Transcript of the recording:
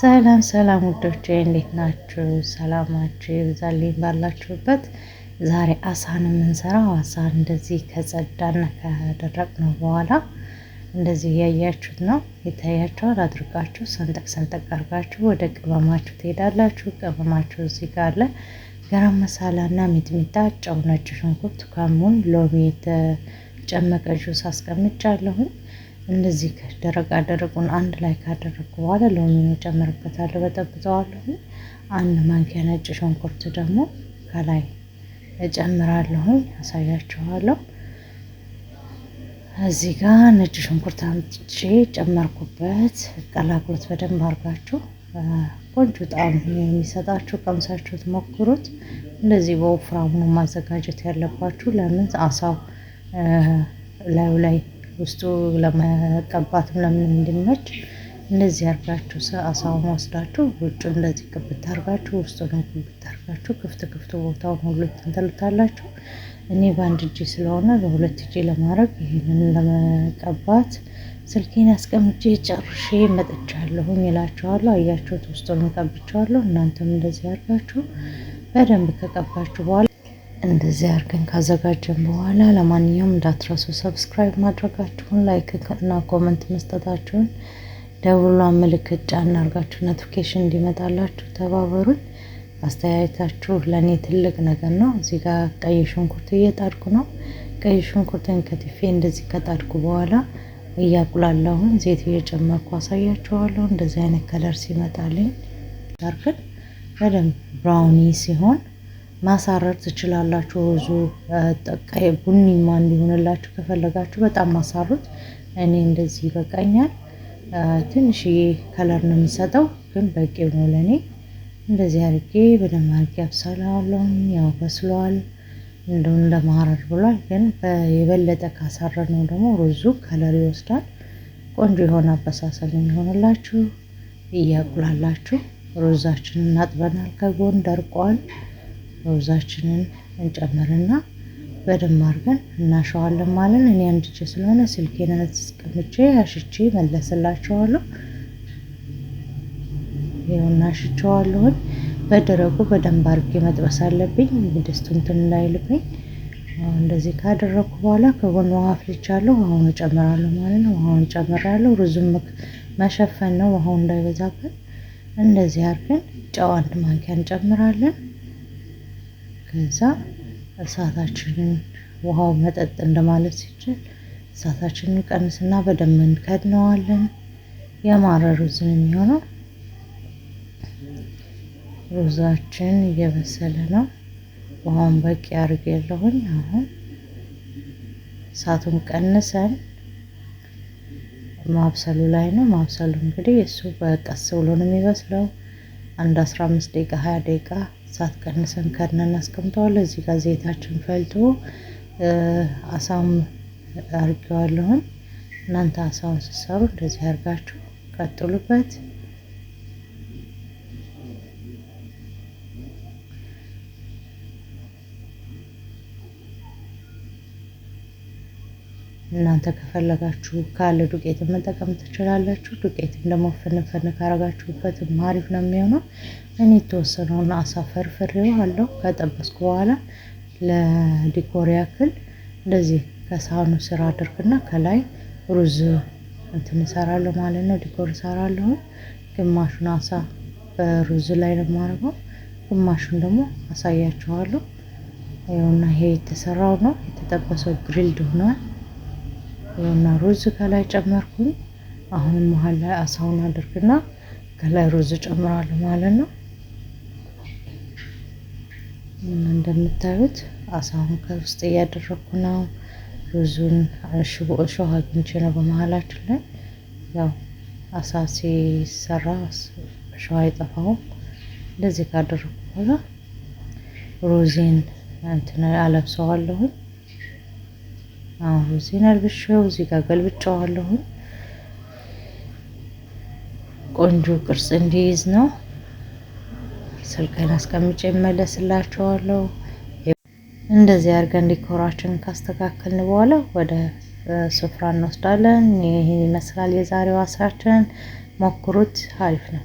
ሰላም ሰላም ውዶች እንዴት ናችሁ? ሰላማችሁ ይብዛልኝ ባላችሁበት። ዛሬ አሳን የምንሰራው አሳን እንደዚህ ከጸዳና ከደረቅ ነው በኋላ እንደዚህ እያያችሁት ነው የታያቸውን አድርጋችሁ ሰንጠቅ ሰንጠቅ አድርጋችሁ ወደ ቅመማችሁ ትሄዳላችሁ። ቅመማችሁ እዚህ ጋር አለ መሳላ መሳላና ሚጥሚጣ፣ ጨው፣ ነጭ ሽንኩርት፣ ከሙን፣ ሎሚ የተጨመቀ ጁስ አስቀምጫለሁኝ። እንደዚህ ደረቅ አደረቁን አንድ ላይ ካደረግኩ በኋላ ሎሚን ጨምርበታለሁ፣ በጠብጠዋለሁ። አንድ ማንኪያ ነጭ ሽንኩርት ደግሞ ከላይ እጨምራለሁኝ፣ አሳያችኋለሁ። እዚህ ጋር ነጭ ሽንኩርት አምጥቼ ጨመርኩበት። ቀላቅሎት በደንብ አድርጋችሁ ቆንጆ ጣዕም የሚሰጣችሁ ቀምሳችሁት ሞክሩት። እንደዚህ በወፍራሙ ማዘጋጀት ያለባችሁ ለምን አሳው ላዩ ላይ ውስጡ ለመቀባት ምናምን እንዲመች እንደዚህ አርጋችሁ አሳውን ወስዳችሁ ውጭ እንደዚህ ክብት አርጋችሁ ውስጡን ክብት አርጋችሁ ክፍት ክፍት ቦታውን ሁሉ ትንተልታላችሁ። እኔ በአንድ እጅ ስለሆነ በሁለት እጅ ለማድረግ ይህንን ለመቀባት ስልኬን አስቀምጬ ጨርሼ መጥቻለሁ ይላችኋለሁ። አያችሁት? ውስጡን ቀብቸዋለሁ። እናንተም እንደዚህ አርጋችሁ በደንብ ከቀባችሁ በኋላ እንደዚህ አድርገን ካዘጋጀን በኋላ ለማንኛውም እንዳትረሱ ሰብስክራይብ ማድረጋችሁን፣ ላይክ እና ኮመንት መስጠታችሁን፣ ደውሏን ምልክት ጫን አድርጋችሁ ኖቲፊኬሽን እንዲመጣላችሁ ተባበሩን። አስተያየታችሁ ለእኔ ትልቅ ነገር ነው። እዚህ ጋር ቀይ ሽንኩርት እየጣድኩ ነው። ቀይ ሽንኩርትን ከትፌ እንደዚህ ከጣድኩ በኋላ እያቁላለሁን ዜት እየጨመርኩ አሳያችኋለሁ። እንደዚህ አይነት ከለር ሲመጣልኝ አርገን በደንብ ብራውኒ ሲሆን ማሳረር ትችላላችሁ። ሩዙ ጠቃይ ቡኒማ እንዲሆንላችሁ ከፈለጋችሁ በጣም ማሳሩት። እኔ እንደዚህ ይበቃኛል። ትንሽዬ ከለር ነው የሚሰጠው፣ ግን በቂ ነው ለእኔ። እንደዚህ አድርጌ በደንብ አድርጌ አብሳለዋለሁ። ያው በስለዋል፣ እንደው እንደማረር ብሏል። ግን የበለጠ ካሳረር ነው ደግሞ ሩዙ ከለር ይወስዳል። ቆንጆ የሆነ አበሳሰል የሚሆንላችሁ እያቁላላችሁ ሩዛችንን እናጥበናል። ከጎን ደርቋል። ሩዛችንን እንጨምርና በደንብ አድርገን እናሸዋለን ማለት እኔ አንድ እጄ ስለሆነ ስልኬን አስቀምጬ አሽቼ መለስላቸዋለሁ። ይኸው እናሽቸዋለሁኝ። በደረቁ በደንብ አድርጌ መጥበስ አለብኝ። ድስቱ እንትን እንዳይልብኝ። እንደዚህ ካደረግኩ በኋላ ከጎን ውሃ አፍልቻለሁ። ውሃውን እጨምራለሁ ማለት ነው። ውሃውን እጨምራለሁ። ሩዙም መሸፈን ነው፣ ውሃው እንዳይበዛብን። እንደዚህ አድርገን ጨው አንድ ማንኪያ እንጨምራለን። ከዛ እሳታችንን ውሃው መጠጥ እንደማለት ሲችል እሳታችንን ቀንስና በደንብ እንከድነዋለን። ያማረ ሩዝ የሚሆነው። ሩዛችን እየበሰለ ነው። ውሃውን በቂ አድርግ የለሁኝ። አሁን እሳቱን ቀንሰን ማብሰሉ ላይ ነው። ማብሰሉ እንግዲህ እሱ በቀስ ብሎ ነው የሚበስለው። አንድ አስራ አምስት ደቂቃ ሀያ ደቂቃ ሳት ቀንሰን ከድነ እናስቀምጠዋለን። እዚህ ጋር ዘይታችን ፈልቶ አሳም አርጌዋለሁን። እናንተ አሳውን ስትሰሩ እንደዚህ አርጋችሁ ቀጥሉበት። እናንተ ከፈለጋችሁ ካለ ዱቄትን መጠቀም ትችላላችሁ። ዱቄትን ደግሞ ፍንፍን ካረጋችሁበትም አሪፍ ነው የሚሆነው። እኔ የተወሰነውን አሳ ፍሬው አለው ከጠበስኩ በኋላ ለዲኮር ያክል እንደዚህ ከሳህኑ ስር አድርግና ከላይ ሩዝ እንትን እሰራለሁ ማለት ነው። ዲኮር እሰራለሁ። ግማሹን አሳ በሩዝ ላይ ነው የማደርገው፣ ግማሹን ደግሞ አሳያችኋለሁ። ይኸውና ይሄ የተሰራው ነው የተጠበሰው ግሪልድ ሆኗል። እና ሩዝ ከላይ ጨመርኩኝ። አሁንም መሀል ላይ አሳውን አድርግና ከላይ ሩዝ ጨምራለሁ ማለት ነው። እንደምታዩት አሳውን ከውስጥ እያደረግኩ ነው። ሩዙን እሾህ አግኝቼ ነው በመሀላችን ላይ ያው አሳ ሲሰራ እሾህ አይጠፋውም። እንደዚህ ካደረግኩ በኋላ ሩዜን እንትን አለብሰዋለሁኝ አሁን እዚህ ነርብሼው እዚህ ጋር ገልብጫዋለሁ። ቆንጆ ቅርጽ እንዲይዝ ነው። ስልቀን አስቀምጬ እመለስላችኋለሁ። እንደዚህ አድርገን ዲኮራችን ካስተካከልን በኋላ ወደ ስፍራ እንወስዳለን። ይህ ይመስላል የዛሬው አስራችን። ሞክሩት፣ አሪፍ ነው።